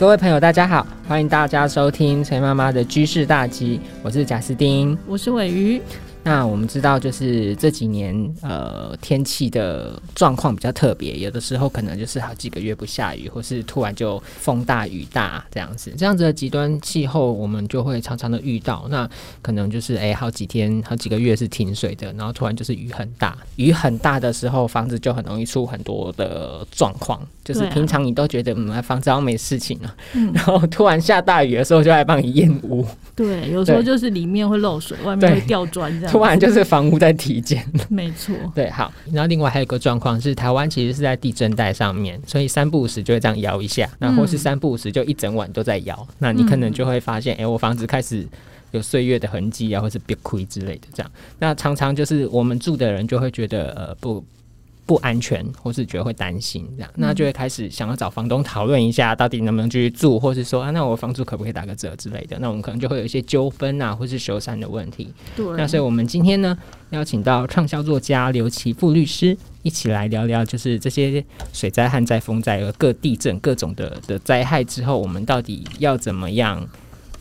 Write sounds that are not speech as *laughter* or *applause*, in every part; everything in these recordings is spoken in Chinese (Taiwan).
各位朋友，大家好，歡迎大家收聽崔媽媽的居士大集，我是賈斯汀，我是尾魚。那我們知道，就是這幾年，呃，天氣的狀況比較特別，有的時候可能就是好幾個月不下雨，或是突然就風大雨大這樣子。這樣子的極端氣候，我們就會常常的遇到。那可能就是哎、欸，好幾天、好幾個月是停水的，然後突然就是雨很大，雨很大的時候，房子就很容易出很多的狀況。就是平常你都覺得，啊、嗯，房子好像沒事情了，嗯、然後突然下大雨的時候，就來幫你驗屋。對，有時候對就是裡面會漏水，外面會掉磚這樣子。不然就是房屋在體檢， *laughs* 沒錯錯。對，好，然後另外還有一個狀況是，台灣其實是在地震帶上面，所以三不五時就會這樣搖一下，嗯、那或是三不五時就一整晚都在搖，那你可能就會發現，哎、嗯欸，我房子開始有歲月的痕跡啊，或是壁龜之類的，這樣。那常常就是我們住的人就會覺得，呃，不。不安全，或是覺得會擔心這樣，那就會開始想要找房東討論一下，到底能不能繼續住，或是說啊，那我房租可不可以打個折之類的。那我們可能就會有一些糾紛啊，或是修繕的問題。對。那所以我們今天呢，邀請到暢銷作家劉琦富律師一起來聊聊，就是這些水災、旱災、風災和各地震各種的的災害之後，我們到底要怎麼樣？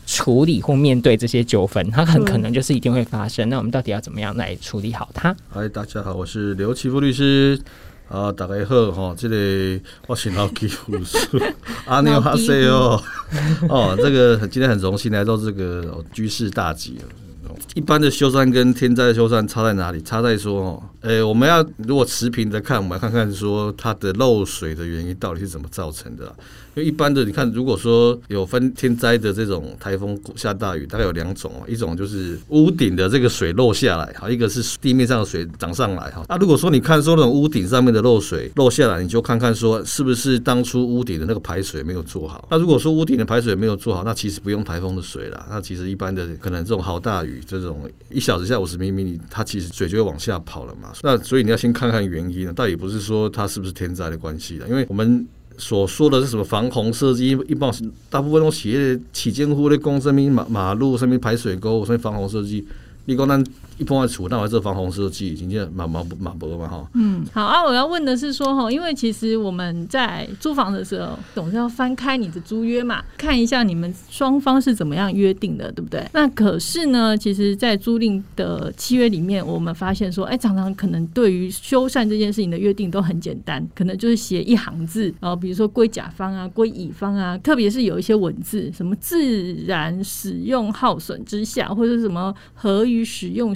處理或面對這些糾紛，它很可能就是一定會發生。嗯、那我們到底要怎麼樣來處理好它？嗨，大家好，我是劉奇富律師啊、呃，大家好哈，這裡我請到奇富律阿牛阿 s i 哦，哦，這個今天很榮幸來到這個、哦、居士大集啊。一般的修繕跟天災的修繕差在哪裡？差在說，呃、欸，我們要如果持平的看，我們要看看說它的漏水的原因到底是怎麼造成的、啊。因為一般的，你看，如果說有分天災的這種颱風下大雨，大概有兩種哦，一種就是屋頂的這個水漏下來哈，一個是地面上的水漲上來哈。那如果說你看說那種屋頂上面的漏水漏下來，你就看看說是不是當初屋頂的那個排水沒有做好。那如果說屋頂的排水沒有做好，那其實不用颱風的水啦。那其實一般的可能這種豪大雨，這種一小時下五十毫米，它其實水就會往下跑了嘛。那所以你要先看看原因呢，倒也不是說它是不是天災的關係的，因為我們。所說的是什麼防洪設計？一般大部分都是那種企業、起業戶的工上面馬馬路上面排水溝上面防洪設計，你光單。一碰到處，那我這防洪設計已經蠻蠻蠻薄嘛哈。嗯，好啊，我要問的是說哈，因為其實我們在租房的時候，總是要翻開你的租約嘛，看一下你們雙方是怎麼樣約定的，對不對？那可是呢，其實，在租賃的契約裡面，我們發現說，哎、欸，常常可能對於修繕這件事情的約定都很簡單，可能就是寫一行字，然後比如說歸甲方啊，歸乙方啊，特別是有一些文字，什麼自然使用耗損之下，或者什麼合於使用，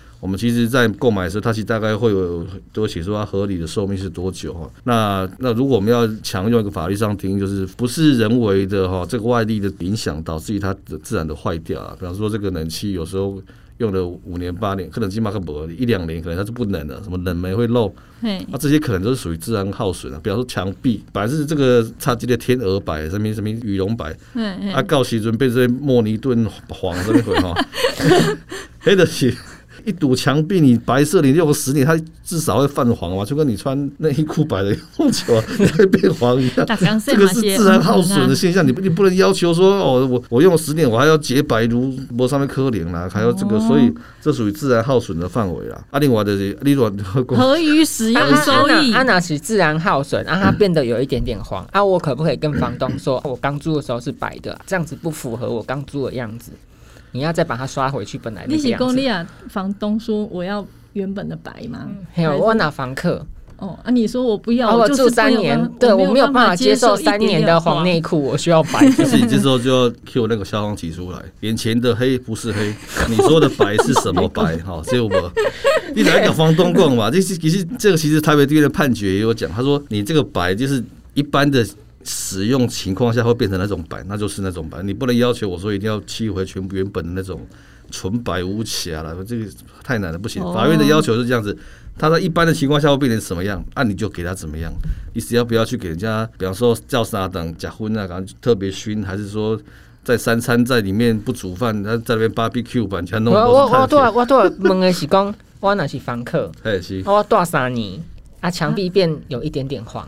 我們其實，在購買的時候，它其實大概會有都會寫說，它合理的壽命是多久哈。那那如果我們要強調一個法律上定義，就是不是人為的哈，這個外力的影響，導致於它的自然的壞掉啊。比方說，這個冷氣有時候用了五年八年，可能進麥克伯一兩年，可能它是不冷的。什麼冷媒會漏，那嘿、啊、這些可能都是屬於自然耗損。比方說，牆壁本來是這個插幾的天鵝白，什麼什麼羽絨白，嘿嘿啊，到時候變成這些莫尼頓黃的那個哈，黑一堵牆壁，你白色，你用了十年，它至少會泛黃嘛，就跟你穿內衣褲白了那麼久，它會變黃一樣。這個是自然耗損的現象，你你不能要求說哦，我我用了十年，我還要潔白如玻璃上面科林啦，還要這個，所以這屬於自然耗損的範圍啦。阿玲話的是，阿玲話合於使用收益、啊、阿、啊、那、啊、是自然耗損，讓、啊、它變得有一點點黃。啊，我可不可以跟房東說，我剛租的時候是白的，這樣子不符合我剛租的樣子？你要再把它刷回去，本來的這樣子。公啊，房東說我要原本的白嗎？我拿房客。哦啊，你說我不要，我，我住三年，對我沒有辦法接受三年的黃內褲，我，內褲我需要白。其實這時候就要 Q 那個蕭煌奇出來， *laughs* 眼前的黑不是黑， *laughs* 你說的白是什麼白？好，這樣不？你來找房東逛嘛？這是其實這個其實台北地院的判決也有講，他說你這個白就是一般的。使用情況下會變成那種白，那就是那種白。你不能要求我說一定要漆回全部原本的那種純白無瑕了，這個太難了，不行。哦、法院的要求是這樣子，他在一般的情況下會變成什麼樣，那、啊、你就給他怎麼樣。你只要不要去給人家，比方說叫啥等假婚啊，可特別熏，還是說在三餐在裡面不煮飯，他在那邊芭比 Q 版，全弄都我。我我我多少我多少問的是講，我哪是房客。嘿，哦，住三年啊，牆壁變有一點點黃。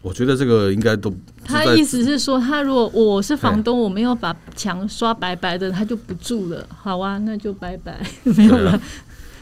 我覺得這個應該都。他意思是說，他如果我是房東，我沒有把牆刷白白的，他就不住了。好啊，那就拜拜，沒有了。 *laughs*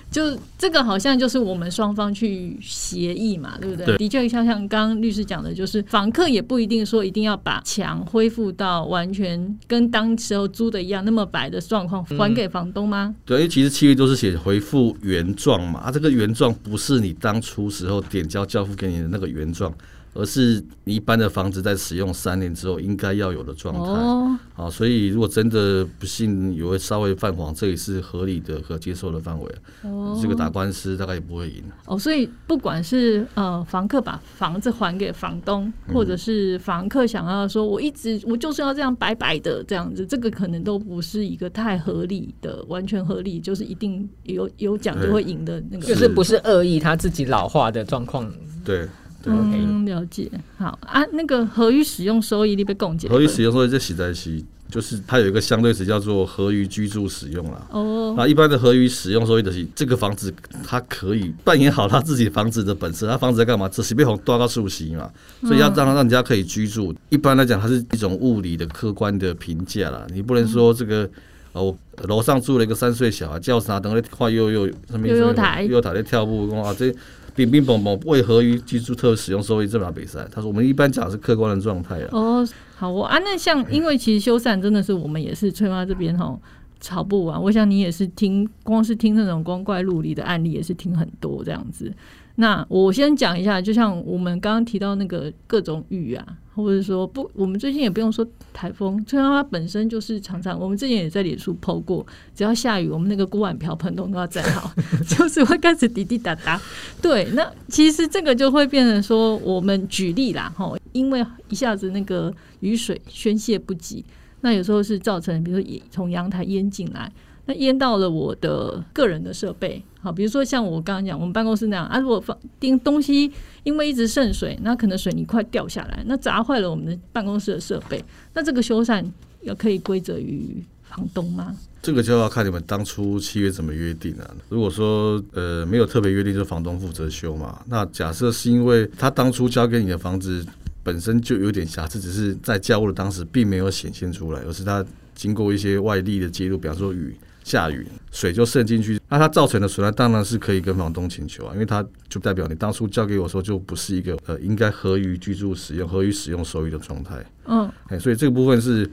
就這個好像就是我們雙方去協議嘛，對不對？的確，像像剛剛律師講的，就是房客也不一定說一定要把牆恢復到完全跟當時候租的一樣那麼白的狀況還給房東嗎？嗯、對，因為其實其餘都是寫回復原狀嘛，啊，這個原狀不是你當初時候點交交付給你的那個原狀。而是你一般的房子在使用三年之後應該要有的狀態，好、哦啊，所以如果真的不幸也會稍微泛黃，這也是合理的、可接受的範圍。哦、這個打官司大概也不會贏。哦，所以不管是呃，房客把房子還給房東，嗯、或者是房客想要說我一直我就是要這樣白白的這樣子，這個可能都不是一個太合理的，嗯、完全合理就是一定有有講就會贏的那個，就是不是惡意他自己老化的狀況，對。Okay. 嗯，了解。好啊，那個合於使用收益係蝦咪。你合於使用收益這寫在是就是它有一個相對詞叫做合於居住使用了。哦，oh. 那一般的合於使用收益的是這個房子它可以扮演好它自己房子的本質，它房子在幹嘛？就是被紅多到樹皮嘛？嗯、所以要讓它讓人家可以居住。一般來講，它是一種物理的客觀的評價了。你不能說這個、嗯、哦，樓上住了一個三歲小孩、啊，叫啥、啊？等會畫幼幼什麼幼幼台幼幼台在跳舞哇、啊，這。乒乒乓乓，叮叮蹦蹦為何與技術特使用收益係蝦咪？他說：“我們一般講是客觀的狀態、啊、哦，好，我啊，那像因為其實修繕真的是我們也是崔媽這邊吼吵不完。我想你也是聽，光是聽那種光怪陸離的案例也是聽很多這樣子。那我先講一下，就像我們剛剛提到那個各種雨啊，或者說不，我們最近也不用說颱風，雖然它本身就是常常，我們之前也在臉書 PO 過，只要下雨，我們那個鍋碗瓢盆都要站好， *laughs* 就是會開始滴滴答答。對，那其實這個就會變成說，我們舉例啦，吼，因為一下子那個雨水宣泄不及，那有時候是造成，比如說從陽台淹進來。那淹到了我的個人的設備，好，比如說像我剛剛講，我們辦公室那樣啊，如果放釘東西，因為一直滲水，那可能水泥塊掉下來，那砸壞了我們的辦公室的設備，那這個修繕要可以歸責於房東嗎？這個就要看你們當初契約怎麼約定了啊。如果說呃沒有特別約定，就房東負責修嘛。那假設是因為他當初交給你的房子本身就有點瑕疵，只是在交付的當時並沒有顯現出來，而是他經過一些外力的揭露，比方說雨下雨，水就滲進去，那它造成的損害當然是可以跟房東請求啊，因為它就代表你當初交給我說就不是一個呃應該合於居住使用、合於使用收益的狀態。嗯，哎，所以這個部分是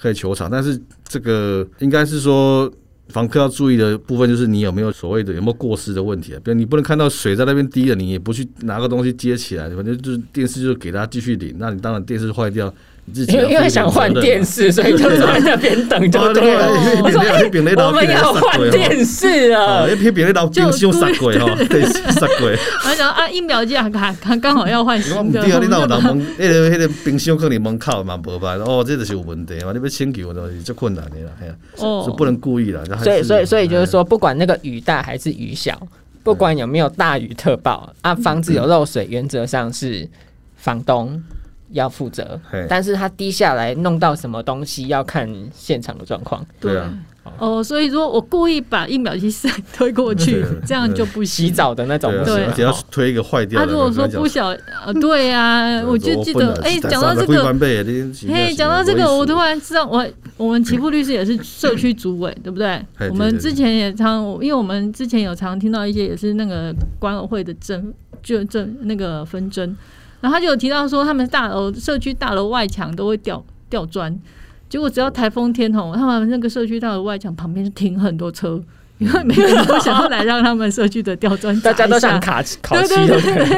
可以求償，但是這個應該是說房客要注意的部分就是你有沒有所謂的有沒有過失的問題啊？比如你不能看到水在那邊滴了，你也不去拿個東西接起來，反正就是電視就給它繼續滴。那你當然電視壞掉。因為、啊啊、因為想換電視，所以就在那邊等就對了。我們要換電視了啊！那那冰修殺鬼哈，殺鬼！然後、哦、 *laughs* 啊，一秒這樣，還還剛好要換。對啊，你那我門那個那個冰箱可能門檻嘛，薄吧？哦，這就是有問題嘛？你不先給我東西，就困難的了。哦，所以不能故意了。所以所以所以就是說，不管那個雨大還是雨小，不管有沒有大雨特報，嗯嗯啊，房子有漏水，原則上是房東。要負責，但是他低下來弄到什麼東西要看現場的狀況。對啊，哦，所以說我故意把一秒機塞推過去，這樣就不行洗澡的那種。對，只要推一個壞掉。他如果說不小，對呀，我就記得，哎，講到這個，嘿，講到這個，我突然知道，我我們琦富律師也是社區主委，對不對？我們之前也常，因為我們之前有常聽到一些也是那個管委會的爭就爭那個紛爭。然後他就有提到說，他們大樓社區大樓外牆都會掉掉磚，結果只要台風天吼，他們那個社區大樓外牆旁邊就停很多車，因為沒有人都想要來讓他們社區的掉磚，大家都想卡卡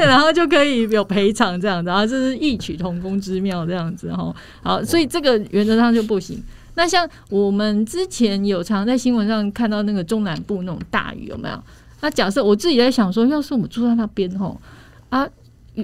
然後就可以有賠償這樣子，然後這是異曲同工之妙這樣子哈。好，所以這個原則上就不行。那像我們之前有常在新聞上看到那個中南部那種大雨有沒有？那假設我自己在想說，要是我們住在那邊吼啊？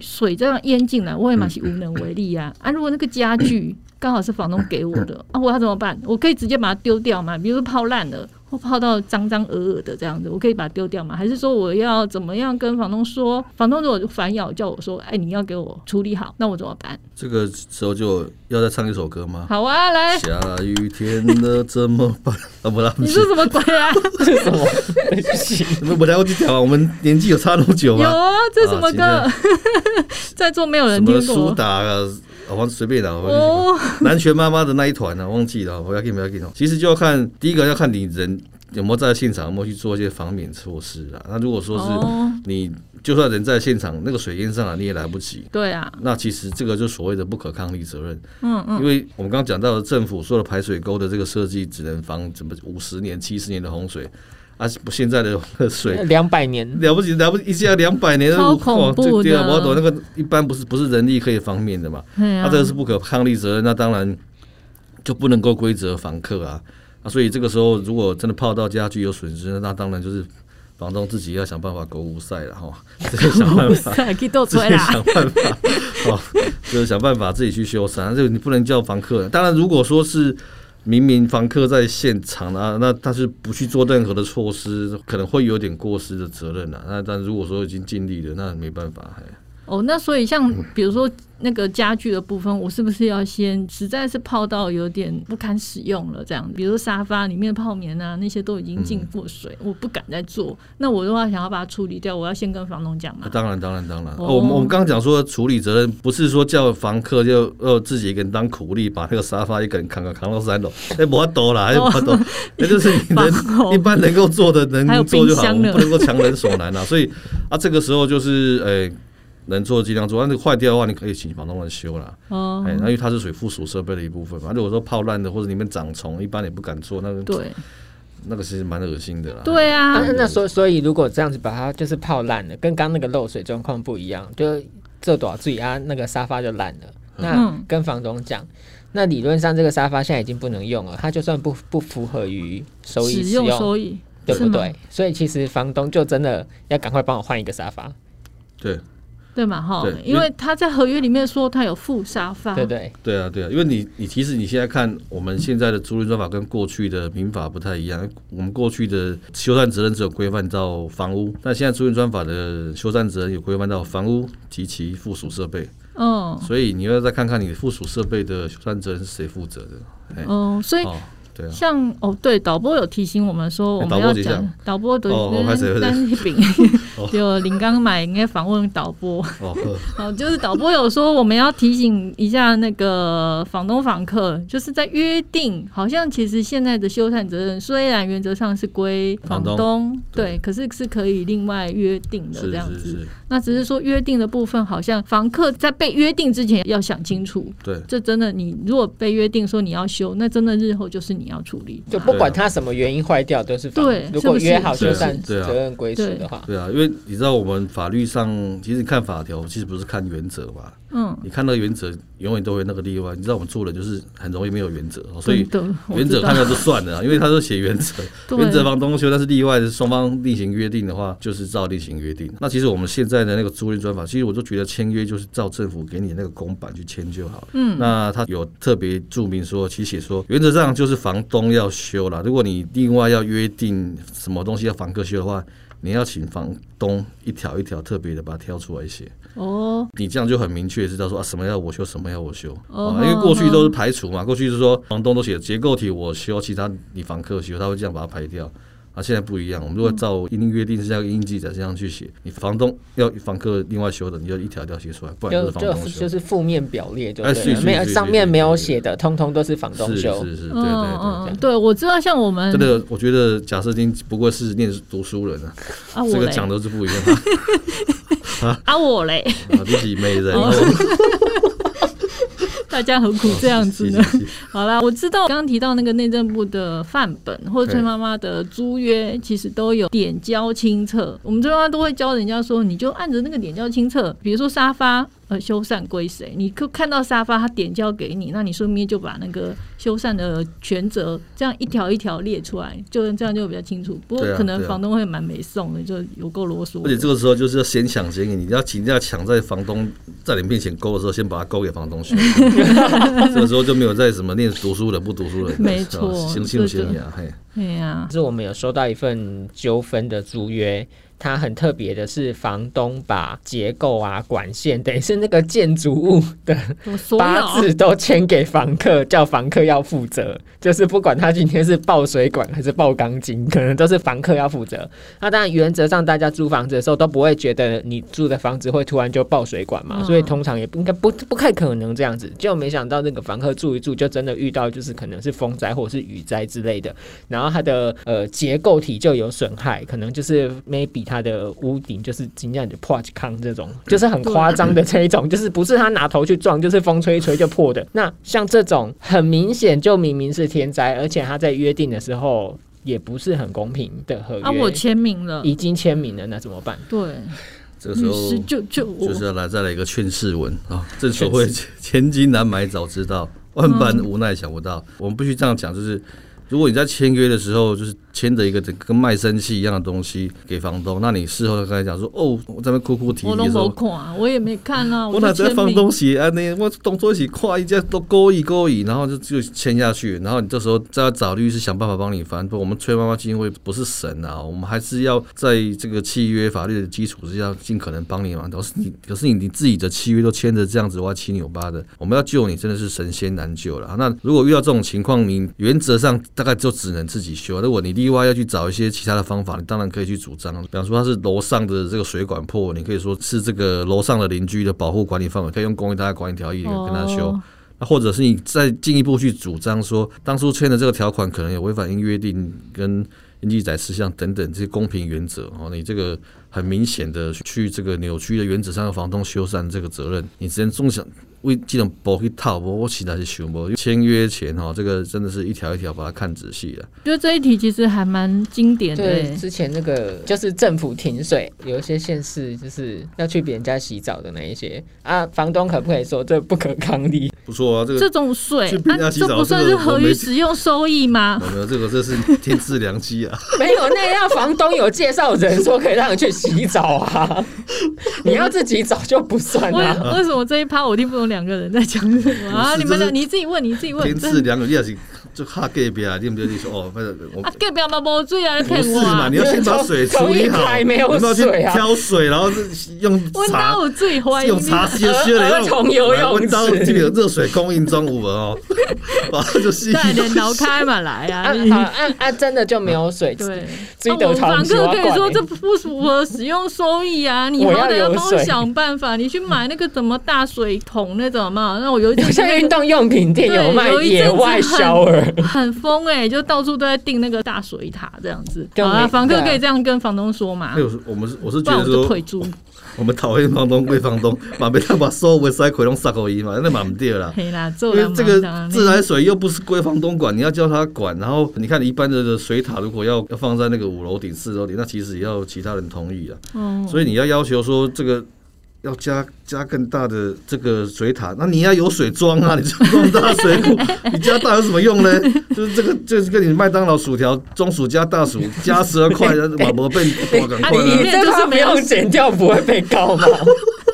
水這樣淹進來，我也蠻是無能為力啊。啊，如果那個家具剛好是房東給我的，啊，我要怎麼辦？我可以直接把它丟掉嗎？比如說泡爛了。我泡到髒髒耳耳的這樣子，我可以把它丟掉嗎？還是說我要怎麼樣跟房東說？房東如果反咬叫我說，哎、欸，你要給我處理好，那我怎麼辦？這個時候就要再唱一首歌嗎？好啊，來。下雨天了怎麼辦？ *laughs* 啊不啦，不是你是什麼鬼啊？不行， *laughs* 我 *laughs* 來我去找啊。我們年紀有差那麼久嗎？有啊、哦，這是什麼歌？啊、 *laughs* 在座沒有人聽過。蘇打，啊，我隨便哦、啊，南拳媽媽的那一團呢、啊？忘記了，我要給不要給。其實就要看第一個要看你人。有沒有在現場？有沒有去做一些防免措施啊？那如果說是你，就算人在現場，那個水淹上來、啊、你也來不及。對啊。那其實這個就所謂的不可抗力責任。嗯嗯。因為我們剛剛講到的政府說的排水溝的這個設計，只能防怎麼五十年、七十年的洪水，啊，現在的水兩百年了不起，了不起，一下兩百年的超恐怖的。對我懂那個，一般不是不是人力可以防免的嘛。嗯啊。他、啊、這個是不可抗力責任，那當然就不能夠歸責房客啊。啊，所以這個時候，如果真的泡到家具有損失，那當然就是房東自己要想辦法購物賽了哈，哦、想辦法， *laughs* 想辦法，好，就是想辦法自己去修繕。這個你、 *laughs* 啊、不能叫房客。當然，如果說是明明房客在現場啊，那他是不去做任何的措施，可能會有點過失的責任了、啊。那但如果說已經盡力了，那沒辦法。哦，那所以像比如說那個家具的部分，我是不是要先實在是泡到有點不堪使用了這樣？比如說沙發裡面的泡棉啊，那些都已經浸過水，嗯、我不敢再做。那我的話想要把它處理掉，我要先跟房東講嘛、啊。當然，當然，當然。哦哦、我們我們剛剛講說的處理責任，不是說叫房客就呃自己一個人當苦力，把那個沙發一個人扛扛到三樓。哎，不要多啦，不要多，那、哦、就是能後一般能夠做的能夠做就好了，不能夠強人所難啊。 *laughs* 所以啊，這個時候就是、欸能做盡量做，那是壞掉的話，你可以請房東來修啦。哦、oh. 欸，那因為它是屬於附屬設備的一部分嘛。如果說泡爛的或者裡面長蟲，一般也不敢做。那個對，那個其實蠻噁心的啦。對啊，嗯、那所所以如果這樣子把它就是泡爛了，跟剛剛那個漏水狀況不一樣，就這多少水啊，那個沙發就爛了。嗯、那跟房東講，那理論上這個沙發現在已經不能用了，它就算不不符合於收，收益，使用收益對不對？嗎所以其實房東就真的要趕快幫我換一個沙發。對。對嘛哈、哦？因為,因為他在合約裡面說他有附沙發。對對對,對啊對啊！因為你你其實你現在看我們現在的租賃專法跟過去的民法不太一樣。嗯、我們過去的修繕責任只有規範到房屋，但現在租賃專法的修繕責任有規範到房屋及其附屬設備。嗯。所以你要再看看你的附屬設備的修繕責任是誰負責的。嗯,嘿嗯，所以。哦像哦，對，導播有提醒我們說，我們要講導播的單體餅，有林剛買應該訪問導播、就是、哦，就是導播有說我們要提醒一下那個房東房客，就是在約定，好像其實現在的修繕責任雖然原則上是歸房東，房東，對，對，可是是可以另外約定的，是是是這樣子，那只是說約定的部分，好像房客在被約定之前要想清楚，對，這真的你如果被約定說你要修，那真的日後就是你要處理，就不管他什麼原因壞掉都是。對，如果約好修繕，責任歸屬的話，對啊，對啊，因為你知道我們法律上其實你看法條，其實不是看原則嘛。嗯，你看那個原則永遠都會那個例外，你知道我們住的就是很容易沒有原則，所以原則看到就算了，因為他說寫原則， *laughs* 對原則房東修，但是例外，是雙方另行約定的話就是照另行約定。那其實我們現在的那個租賃專法，其實我就覺得簽約就是照政府給你那個公版去簽就好，嗯，那他有特別注明說，其實寫說原則上就是房東要修了，如果你另外要約定什麼東西要房客修的話，你要請房東一條一條特別的把它挑出來寫。哦，oh, 你這樣就很明確知道說啊，什麼要我修，什麼要我修啊？因為過去都是排除嘛，過去就是說房東都寫結構體我修，其他你房客修，他會這樣把它排掉。啊，現在不一樣，我們如果照一定約定是這樣，經紀人這樣去寫，你房東要房客另外修的，你就一條條寫出來，不然就就就是負面表列，就哎，沒有上面沒有寫的，通通都是房東修、就是對哎，是是是，對對對，樣對我知道，像我們真的，我覺得假設金不愧是念讀書人啊，啊這個講的都是不一樣、啊。 *laughs* 蛤啊我嘞，啊、自己沒人， *laughs* 大家何苦這樣子呢？哦、謝謝謝謝好啦，我知道剛剛提到那個內政部的範本，或者崔媽媽的租約，其實都有點交清冊嘿，我們這邊都會教人家說，你就按着那個點交清冊，比如說沙发，呃，修繕歸誰？你看到沙发，他點交給你，那你順便就把那個。修繕的全責，這樣一條一條列出來，就這樣就比較清楚。不過可能房東會蠻沒送的，對啊對啊，就有夠囉嗦。而且這個時候就是要先搶先給，你要請假搶在房東在你面前勾的時候，先把它勾給房東去。 *laughs* *laughs* 這個時候就沒有在什麼念讀書的不讀書的，沒錯錯，行不行呀？嘿，對呀。是我們有收到一份糾紛的租約。它很特別的是，房東把結構啊、管線，等於是那個建築物的八字都簽給房客，有有叫房客要負責。就是不管他今天是爆水管還是爆鋼筋，可能都是房客要負責。那當然原則上大家租房子的時候都不會覺得你住的房子會突然就爆水管嘛，嗯、所以通常也應該不不太可能這樣子。就沒想到那個房客住一住，就真的遇到就是可能是風災或是雨災之類的，然後它的呃結構體就有損害，可能就是 maybe。他的屋頂就是今天的破坑這種，就是很誇張的這一種，就是不是他拿頭去撞，就是風吹一吹就破的。那像這種很明顯就明明是天災，而且他在約定的時候也不是很公平的合約。啊，我簽名了，已經簽名了，那怎麼辦？啊、麼辦。對，這個時候就就就是要來再來一個勸世文啊，正所謂千金難買早知道，萬般無奈想不到。嗯、我們必須這樣講，就是。如果你在簽約的時候就是簽着一個跟賣身契一樣的東西給房東，那你事後跟他講說哦，我在那哭哭啼啼的，我我也沒看啊。我，我哪在放東西？哎，你我動作一起跨一下，都勾一勾一，然後就就簽下去。然後你這時候再要找律師想辦法幫你翻，不，我們崔媽媽基金會不是神啊，我們還是要在這個契約法律的基礎之上盡可能幫你嘛。可是你可是你你自己的契約都簽的這樣子歪七扭八的，我們要救你真的是神仙難救了。那如果遇到這種情況，你原則上，大概就只能自己修。如果你例外要去找一些其他的方法，你當然可以去主張。比方說他是樓上的這個水管破，你可以說是這個樓上的鄰居的保護管理範圍，可以用公寓大廈管理條例跟他修。那、oh. 或者是你再進一步去主張說，當初簽的這個條款可能有違反應約定跟記載事項等等這些公平原則哦。你這個很明顯的去這個扭曲的原則上，房東修繕這個責任，你先縱想為這種保一套，我實在是熊。因為簽約前哈，這個真的是一條一條把它看仔細了。覺得這一題其實還蠻經典的、欸對。之前那個就是政府停水，有一些縣市就是要去別人家洗澡的那一些啊，房東可不可以說這不可抗力？不錯啊，這個這種水去，這個啊，這不算是合於使用收益嗎？沒有，沒有這個，這是天賜良機啊！ *laughs* 沒有那樣，房東有介紹人說可以讓你去洗澡啊， *laughs* 你要自己找就不算啊。為什麼這一趴我聽不懂？兩個人在講什麼是啊？你們倆是你自己問，你自己問，行。就怕蓋表，你們就說哦，反正我蓋表嘛，水啊，你騙不是嘛？你要先把水處理好，有沒有水挑水，然後用溫刀最歡，用茶先先溫刀這個熱水供應中午哦，然後就先先聊開嘛，來啊啊，真的就沒有水，對，這我房客可以你說這不符合使用收益啊！你好歹要幫我想辦法，你去買那個什麼大水桶那種嘛，那我有，像運動用品店有賣野外小很瘋欸，就到處都在定那個大水塔這樣子。啊房客可以這樣跟房東說嘛。我們我是覺得說，我們討厭房東歸房東， *laughs* 把被他把收尾塞回龍傷口衣嘛，那蠻不對啦，因為這個自來水又不是歸房東管，你要叫他管。然後你看一般的水塔，如果要要放在那個五樓頂、四樓頂，那其實也要其他人同意啊。所以你要要求說這個。要加加更大的這個水塔，那你要有水裝啊！你裝這麼大的水庫，你加大有什麼用呢？ *laughs* 就是這個，就是跟你麥當勞薯條中薯加大薯加十二塊，馬博被馬哥被。啊，裡面就是不用剪掉，不會被告嗎？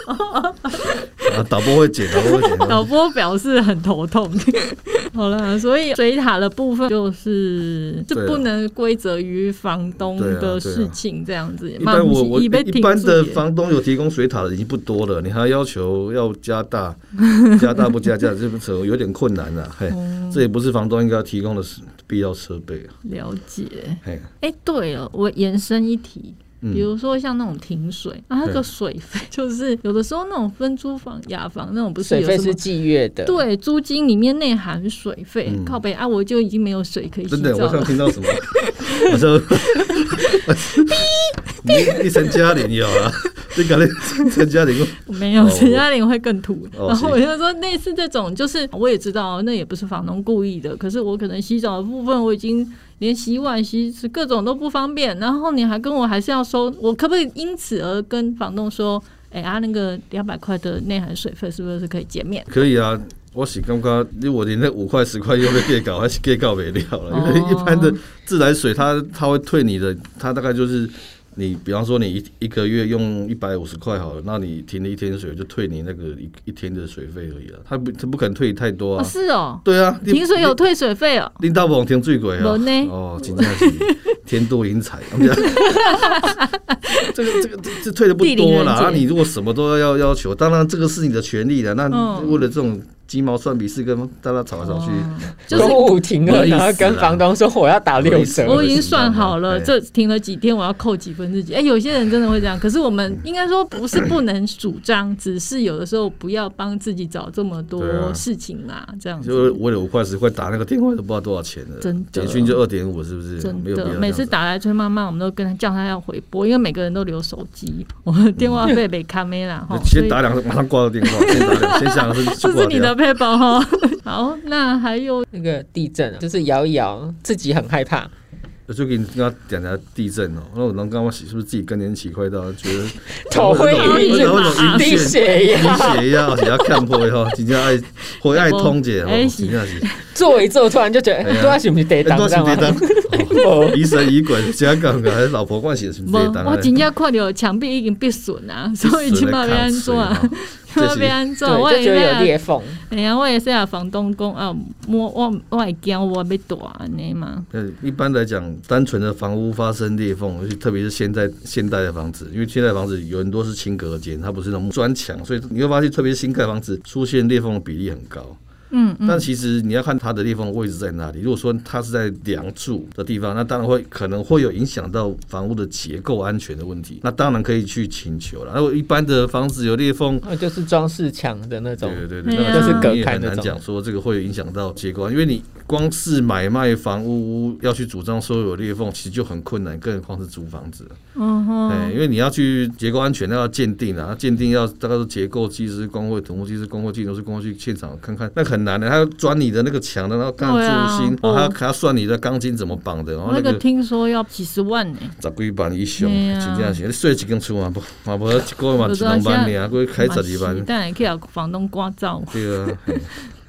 *laughs* 啊，導播會剪，導播會剪。導播表示很頭痛。 *laughs* 好了，所以水塔的部分就是這不能歸責於房東的事情，這樣子。啊啊、一般我我一般的房東有提供水塔的已經不多了，你還要求要加大， *laughs* 加大不加價，這不成有點困難了、啊。嘿，嗯、這也不是房東應該提供的必要設備啊。了解。嘿，哎、欸，對了，我延伸一題。比如說像那種停水啊，那個水費就是有的時候那種分租房、雅房那種，不是有什麼水費是計月的。對，租金裡面內含水費，嗯、靠北啊，我就已經沒有水可以洗澡了。真的，我想聽到什麼？我說。 *laughs* 你陳嘉玲有啊？你敢咧陳嘉玲？陳家沒有，陳嘉玲會更土。我然後我就說，類似這種，就是，哦、是我也知道，那也不是房東故意的。可是我可能洗澡的部分，我已經連洗碗、洗各種都不方便。然後你還跟我還是要收，我可不可以因此而跟房東說，哎、欸，啊那個兩百塊的內含水費是不是是可以減免？可以啊，我洗。剛剛我連那五塊十塊又被計較，還是計較沒了？ *laughs* 因為一般的自來水它，它它會退你的，它大概就是。你比方說，你一一個月用一百五十塊好了，那你停了一天水，就退你那個一一天的水費而已了。他不，他不肯退太多啊。哦是哦。對啊，停水有退水費哦。林大寶停最貴啊。有呢。哦，金家喜天妒英才。這個這個這退的不多啦。那你如果什麼都要要求，當然這個是你的權利了。那為了這種。雞毛蒜皮事跟大家吵來吵去，就是供水停了，然後跟房東說我要打六折。我已經算好了，這停了幾天我要扣幾分之幾。哎，有些人真的會這樣。可是我們應該說不是不能主張，只是有的時候不要幫自己找這麼多事情啊。這樣子。就為了五塊十塊打那個電話都不知道多少錢了，簡訊就二點五是不是？真的，每次打來崔媽媽，我們都跟他叫他要回撥，因為每個人都留手機，我的電話費被卡沒了。先打兩個馬上掛個電話，先打兩個先下個是掛掉。保哈好，那還有那個地震，就是搖一搖，自己很害怕。我就給你剛剛講一下地震哦，那我剛剛我是不是自己更年期快到，覺得頭昏眼花，鼻血鼻血呀，而且要看破以後，今天愛會愛通解哦。哎是做一做突然就覺得，哎呀是不是地震？是不是地震？疑神疑鬼，香港的還是老婆慣性是地震啊？我今天看到牆壁已經破損了，所以今晚要安怎？這邊做，我也有裂縫。哎呀，我也是要房東工啊，摸我我愛驚，我被斷的嘛。一般來講，單純的房屋發生裂縫，特別是現在現代的房子，因為現在房子有很多是輕隔間，它不是那種磚牆，所以你會發現，特別是新蓋房子出現裂縫的比例很高。嗯，嗯，但其實你要看它的裂縫位置在哪裡。如果說它是在樑柱的地方，那當然會可能會有影響到房屋的結構安全的問題。那當然可以去請求了。如果一般的房子有裂縫，那、啊、就是裝飾牆的那種，對對對，那、啊、就是隔開，那也很難講說這個會影響到結構，因為你。光是買賣房屋要去主張所有裂縫，其實就很困難，更何況是租房子。嗯哼，因為你要去結構安全，那要鑑定的，鑑定要大概是結構技師、工會土木技師、工會技都是工會去現場看看，那很難的、欸。他要鑽你的那個牆的，然後鋼筋，他要算你的鋼筋怎麼綁的。那個聽說要幾十萬呢，砸櫃板一箱，就這樣子，睡幾根柱啊？不，不，馬不，不，不一個嘛，只能幫你啊，歸開閘一般。當然可以由房東關照。對啊。啊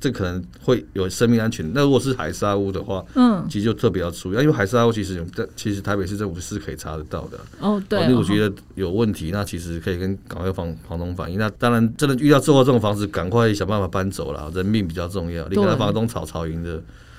這可能會有生命安全。那如果是海砂屋的話，嗯，其實就特別要注意，因為海砂屋其實有，這其實台北市政府是可以查得到的。哦，對。哦、你我覺得有問題，哦、那其實可以跟趕快房房東反映。那當然，真的遇到之後，這種房子，趕快想辦法搬走了，人命比較重要。另外對，你跟他房東吵吵贏的。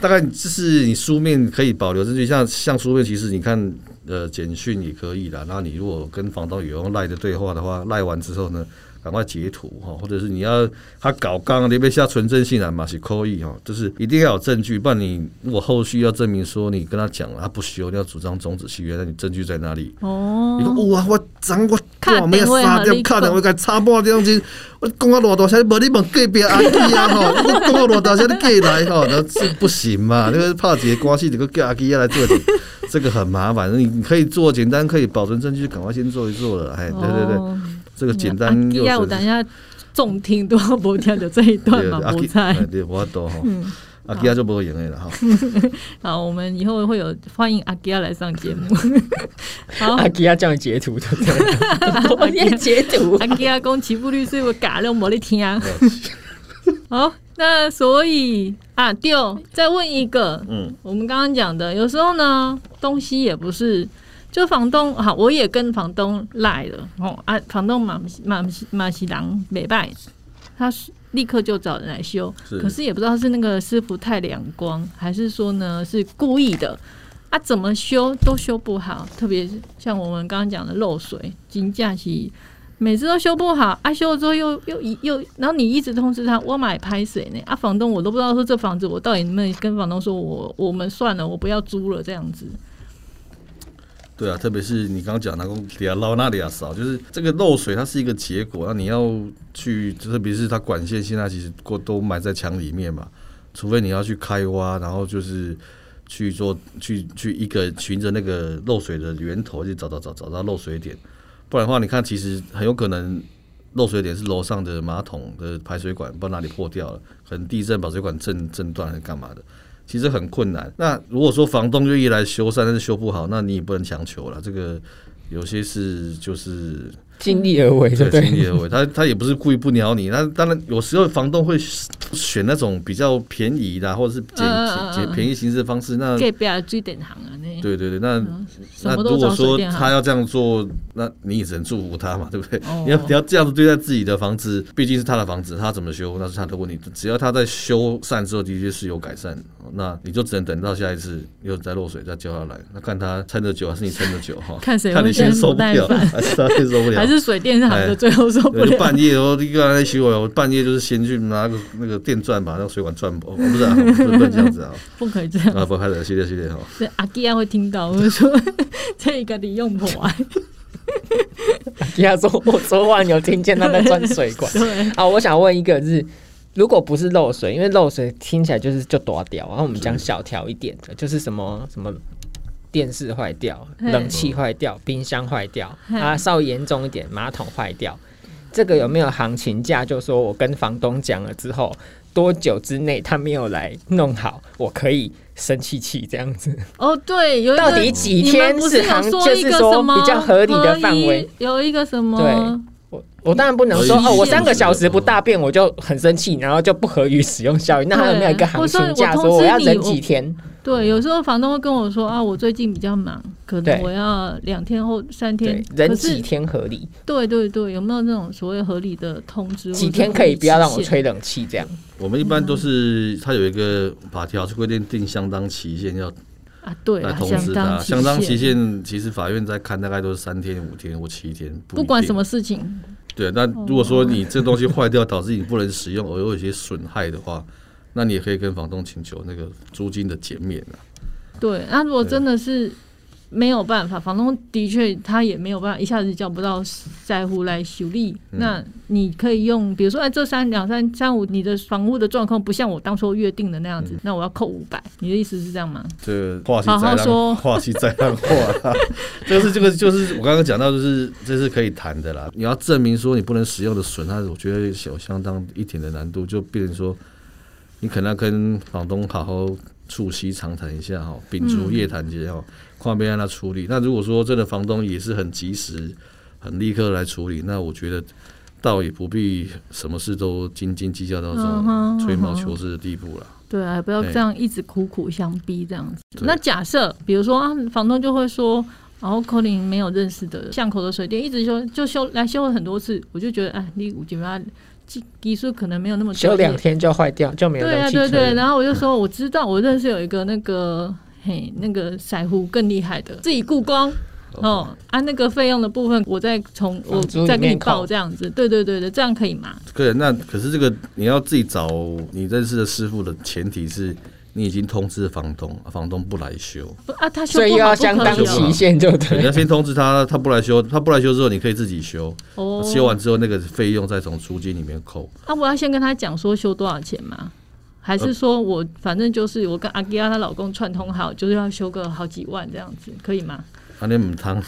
大概這是你書面可以保留，就像像書面，其實你看。呃，簡訊也可以啦。那你如果跟房東有用賴的對話的話，賴完之後呢，趕快截圖哈，或者是你要他搞剛剛那邊下存證信函嘛，是可以哈，就是一定要有證據。不然你我後續要證明說你跟他講了，他不修，你要主張終止契約，那你證據在哪裡？哦。哇，我怎我被我們家殺掉？看兩位該差不點子，我講了多少錢，你問你問隔壁阿姨啊，吼， *laughs* 你講了多少錢，你過來哈，那這不行嘛？那個怕結關係，你個叫阿姨基來做的。 *laughs* 這個很麻煩，你你可以做簡單，可以保存證據，趕快先做一做了，哎，對對對，這個簡單我等下重聽多播掉的這一段嘛，不在對，我多哈，阿基亞就不會贏了哈。好，我們以後會有歡迎阿基亞來上節目。好，阿基亞這樣截圖的，你截圖，阿基亞講琦富律師會嫁，你沒在聽。好，那所以。啊，對！再問一個，嗯，我們剛剛講的，有時候呢，東西也不是，就房東好，我也跟房東賴了，哦啊，房東馬馬馬西郎沒拜，他是立刻就找人來修，是可是也不知道是那個師傅太兩光，還是說呢是故意的，啊，怎麼修都修不好，特別是像我們剛剛講的漏水，金架起。每次都修不好，啊修了之後又又又，然後你一直通知他，我買排水呢，啊房東，我都不知道說這房子我到底能不能跟房東說我，我我們算了，我不要租了這樣子。對啊，特別是你剛剛講那個底下撈那裡啊少，就是這個漏水它是一個結果，那你要去，特別是它管線現在其實過都埋在牆裡面嘛，除非你要去開挖，然後就是去做去去一個循着那個漏水的源頭去找找找，找找到漏水點。不然的話，你看，其實很有可能漏水點是樓上的馬桶的排水管，不知道哪裡破掉了。可能地震把水管震震斷，還是幹嘛的？其實很困難。那如果說房東願意來修繕，但是修不好，那你也不能強求了。這個有些事就是盡力而為就對了，對，盡力而為。他他也不是故意不鳥你。那當然，有時候房東會選那種比較便宜的，或者是撿、呃、撿便宜形式的方式。那可以不要追點行。對對對，那那如果說他要這樣做，那你也只能祝福他嘛，對不對？哦、你要你要這樣子對待自己的房子，畢竟是他的房子，他怎麼修那是他的問題。只要他在修繕之後，的確是有改善，那你就只能等到下一次又再漏水再叫他來，那看他撐得久還是你撐得久哈？ *laughs* 看誰看你先受不了，還是他先受不了？還是水電廠的最後受不了？半夜哦，一個人在修我，半夜就是先去拿個那個電鑽把那個水管轉不、 *laughs* 哦？不是、啊哦、不能這樣子啊， *laughs* 不可以這樣啊！不拍了，系列系列哈。是，是，是、哦、阿基聽到我說這個你用不完。亞、 *laughs* 啊、我昨晚有聽見他在裝水管 *laughs* 對、啊。我想問一個、就是，如果不是漏水，因為漏水聽起來就是就大條，是然後我們講小條一點的，就是什麼什麼電視壞掉、是冷氣壞掉、冰箱壞掉、嗯、啊，稍微嚴重一點，馬桶壞掉，是這個有沒有行情價？就說我跟房東講了之後。多久之內他沒有來弄好，我可以生氣氣這樣子。哦，對，有一個到底幾天是行？是一個什麼就是說比較合理的範圍，有一個什麼？對，我我當然不能說、嗯、哦，嗯、我三個小時不大便我就很生氣，然後就不合於使用收益。那他有沒有一個行情價說？我,說我,說我要忍幾天？對，有時候房東會跟我說啊，我最近比較忙，可能我要兩天後，三天，人幾天合理？對對對，有沒有那種所謂合理的通知？幾天可以不要讓我吹冷氣這樣？嗯、這樣我們一般都是他有一個法條是規定定相當期限要啊，對啊，來通知相當期限。其實法院在看大概都是三天、五天或七天，不,不管什麼事情。對，那如果說你這東西壞掉、哦、導致你不能使用 *laughs* 而有一些損害的話。那你也可以跟房東請求那個租金的減免啊。對，那如果真的是沒有辦法，對房東的確他也沒有辦法一下子叫不到在乎來修理。嗯、那你可以用，比如說，哎，這三兩三三五，你的房屋的狀況不像我當初約定的那樣子，嗯、那我要扣五百。你的意思是這樣嗎？這個話是好好說，話是在爛話、啊， *laughs* 就是這個就是我剛剛講到，就是這是可以談的啦。你要證明說你不能使用的損害，我覺得有相當一點的難度，就變成說。你可能要跟房東好好促膝長談一下哈，秉燭夜談這後快要讓他處理。那如果說真的房東也是很及時、很立刻來處理，那我覺得倒也不必什麼事都斤斤計較到這種吹毛求疵的地步了。嗯嗯、對啊，不要這樣一直苦苦相逼這樣子。對那假設比如說啊，房東就會說，然後可能沒有認識的巷口的水電，一直修就修來修了很多次，我就覺得哎、啊，你怎麼樣？技術可能沒有那麼專業，就兩天就壞掉，就沒有。對啊，對對，然後我就說我知道，我認識有一個那個嘿，那個彩壺更厲害的，自己僱工哦，啊，按那個費用的部分，我再從我再給你報這樣子，對對對對。這樣可以嗎？可以，那可是這個你要自己找你認識的師傅的前提是。你已經通知房東，房東不來修，啊，他修不好，所以又要相當期限，就對。你要先通知他，他不來修，他不來修之後，你可以自己修。Oh. 修完之後那個費用再從租金裡面扣。啊，我要先跟他講說修多少錢嗎？還是說我、呃、反正就是我跟阿吉亞她老公串通好，就是要修個好幾萬這樣子，可以嗎？他那母湯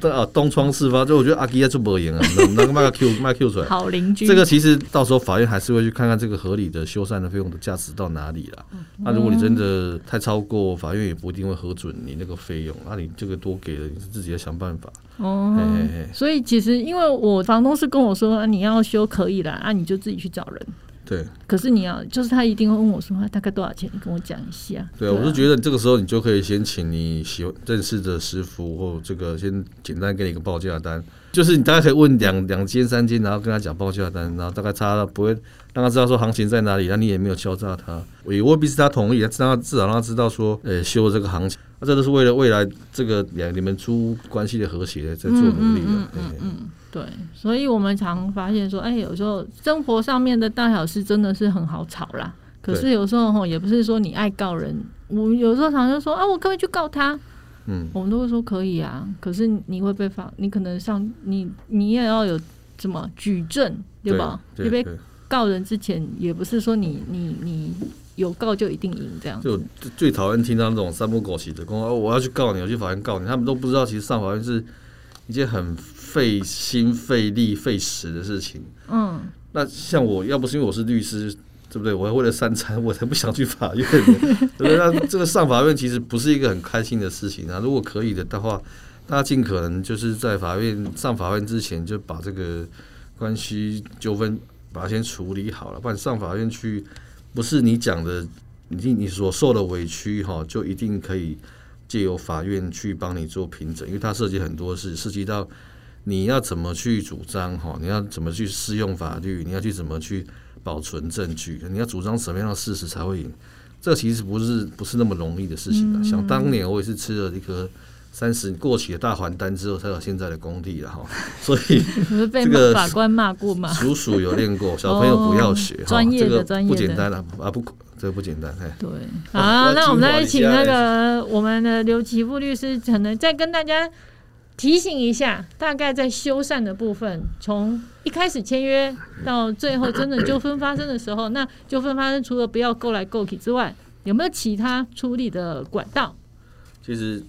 這啊， *laughs* *laughs* 東窗事發，就我覺得阿基也就不贏啊，那個賣個 Q 賣 Q 出來，好鄰居。這個其實到時候法院還是會去看看這個合理的修繕的費用的價值到哪裡了。那、嗯啊、如果你真的太超過，法院也不一定會核准你那個費用。那、啊、你這個多給了，你是自己要想辦法。哦，嘿嘿嘿，所以其實因為我房東是跟我說，你要修可以了，那、啊、你就自己去找人。對，可是你要、啊，就是他一定會問我說，啊、大概多少錢？你跟我講一下。對，對啊、我是覺得這個時候你就可以先請你喜認識的師傅或這個先簡單給你一個報價單，就是你大概可以問兩兩間、嗯、間三間，然後跟他講報價單，然後大概差不多讓他知道說行情在哪裡，那你也沒有敲詐他，我也未必是他同意，至少至少讓他知道說，呃、欸，修這個行情，那這都是為了未來這個兩你們租關係的和諧在做努力的。對嗯，嗯，嗯，嗯，嗯。欸嗯嗯對，所以我們常發現說，哎，有時候生活上面的大小事真的是很好吵啦。可是有時候吼，對也不是說你愛告人。我們有時候常常說，啊，我可不可以去告他？嗯，我們都會說可以啊。可是你會被罰，你可能上你你也要有什麼舉證，對吧？因為告人之前，也不是說你你你有告就一定贏這樣。就最討厭聽到那種三不狗血的公，我要去告你，我去法院告你，他們都不知道其實上法院是一件很。費心費力費時的事情，嗯，那像我要不是因為我是律師，對不對？我要為了三餐，我才不想去法院，對不對？那這個上法院其實不是一個很開心的事情啊。如果可以的話，大家盡可能就是在法院上法院之前就把這個關係糾紛把它先處理好了，不然上法院去，不是你講的你你所受的委屈哈、哦，就一定可以借由法院去幫你做平整，因為它涉及很多事，涉及到。你要怎麼去主張哈？你要怎麼去適用法律？你要去怎麼去保存證據？你要主張什麼樣的事實才會贏？這其實不是不是那麼容易的事情的。想、嗯、當年我也是吃了一顆三十過期的大還丹之後，才有現在的功力了哈。所以這個你是不是被法官罵過嗎？叔叔有練過，小朋友不要學、哦、哈。專業的專業不簡單了啊！不，這個不簡單。嘿對好啊，那我們再請那個我們的劉琦富律師，可能再跟大家。提醒一下，大概在修繕的部分，從一開始簽約到最後真的糾紛發生的時候， *coughs* 那糾紛發生除了不要勾來勾去之外，有沒有其他處理的管道？其實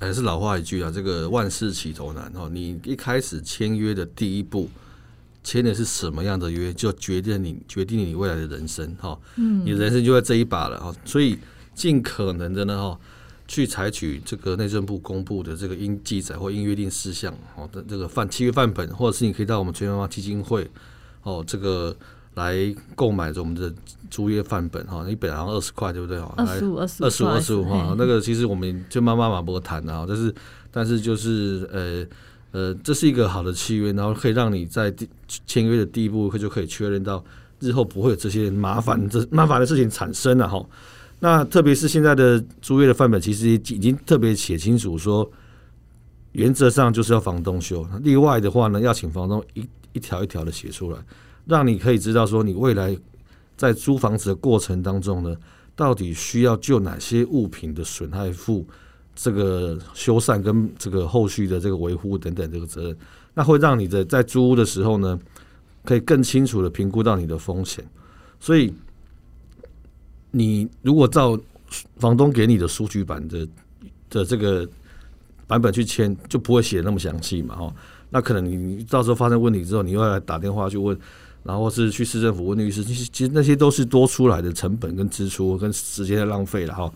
還、哎、是老話一句啊，這個萬事起頭難哈，你一開始簽約的第一步簽的是什麼樣的約，就決定你決定你未來的人生哈，嗯，你的人生就在這一把了哈，所以盡可能的呢哈。去採取這個內政部公布的這個應記載或應約定事項哦的這個範契約範本，或者是你可以到我們崔媽媽基金會哦這個來購買着我們的租約範本哈，一本好像二十塊，對不對哈？二十五二十五二十五二十五哈。那個其實我們就慢慢慢慢談哈，但是但是就是呃呃這是一個好的契約，然後可以讓你在簽約的第一步就就可以確認到日後不會有這些麻煩這麻煩的事情產生了哈。那特別是現在的租約的範本，其實已經特別寫清楚說，原則上就是要房東修，另外的話呢，要請房東一一條一條的寫出來，讓你可以知道說，你未來在租房子的過程當中呢，到底需要就哪些物品的損害負這個修繕跟這個後續的這個維護等等這個責任，那會讓你的在租屋的時候呢，可以更清楚的評估到你的風險，所以。你如果照房東給你的數據版的的這個版本去簽，就不會寫那麼詳細嘛。哈，那可能你你到時候發生問題之後，你又要來打電話去問，然後是去市政府問律師，其實其實那些都是多出來的成本跟支出跟時間的浪費了哈。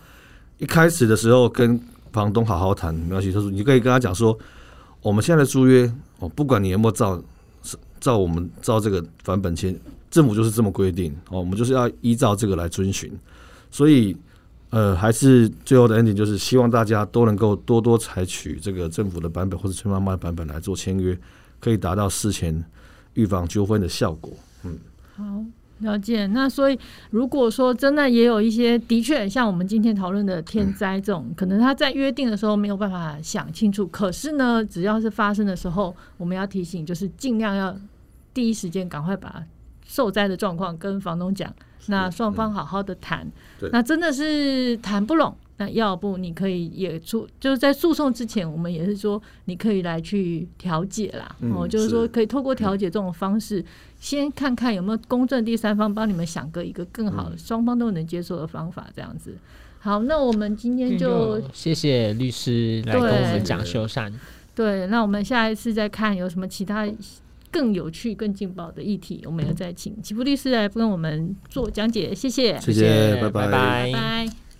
一開始的時候跟房東好好談，沒關係，他說，你可以跟他講說，我們現在的租約，哦，不管你有沒有照照我們照這個版本簽。政府就是這麼規定哦，我們就是要依照這個來遵循。所以，呃，還是最後的 ending 就是希望大家都能夠多多採取這個政府的版本或者崔媽媽的版本來做簽約，可以達到事前預防糾紛的效果。嗯，好，了解。那所以，如果說真的也有一些的確像我們今天討論的天災這種，嗯、可能他在約定的時候沒有辦法想清楚，可是呢，只要是發生的時候，我們要提醒，就是盡量要第一時間趕快把。受災的狀況跟房東講，是那雙方好好的談，是那真的是談不攏，對那要不你可以也出。就是在訴訟之前，我們也是說你可以來去調解啦，嗯、哦，就是說可以透過調解這種方式，是先看看有沒有公正第三方、嗯、幫你們想個一個更好的雙方都能接受的方法，這樣子。好，那我們今天就，今天就謝謝律師來跟我們講修繕，對，那我們下一次再看有什麼其他。更有趣、更勁爆的議題，我們要再請琦富律師來跟我們做講解。謝謝，謝謝，拜拜，拜拜。拜拜。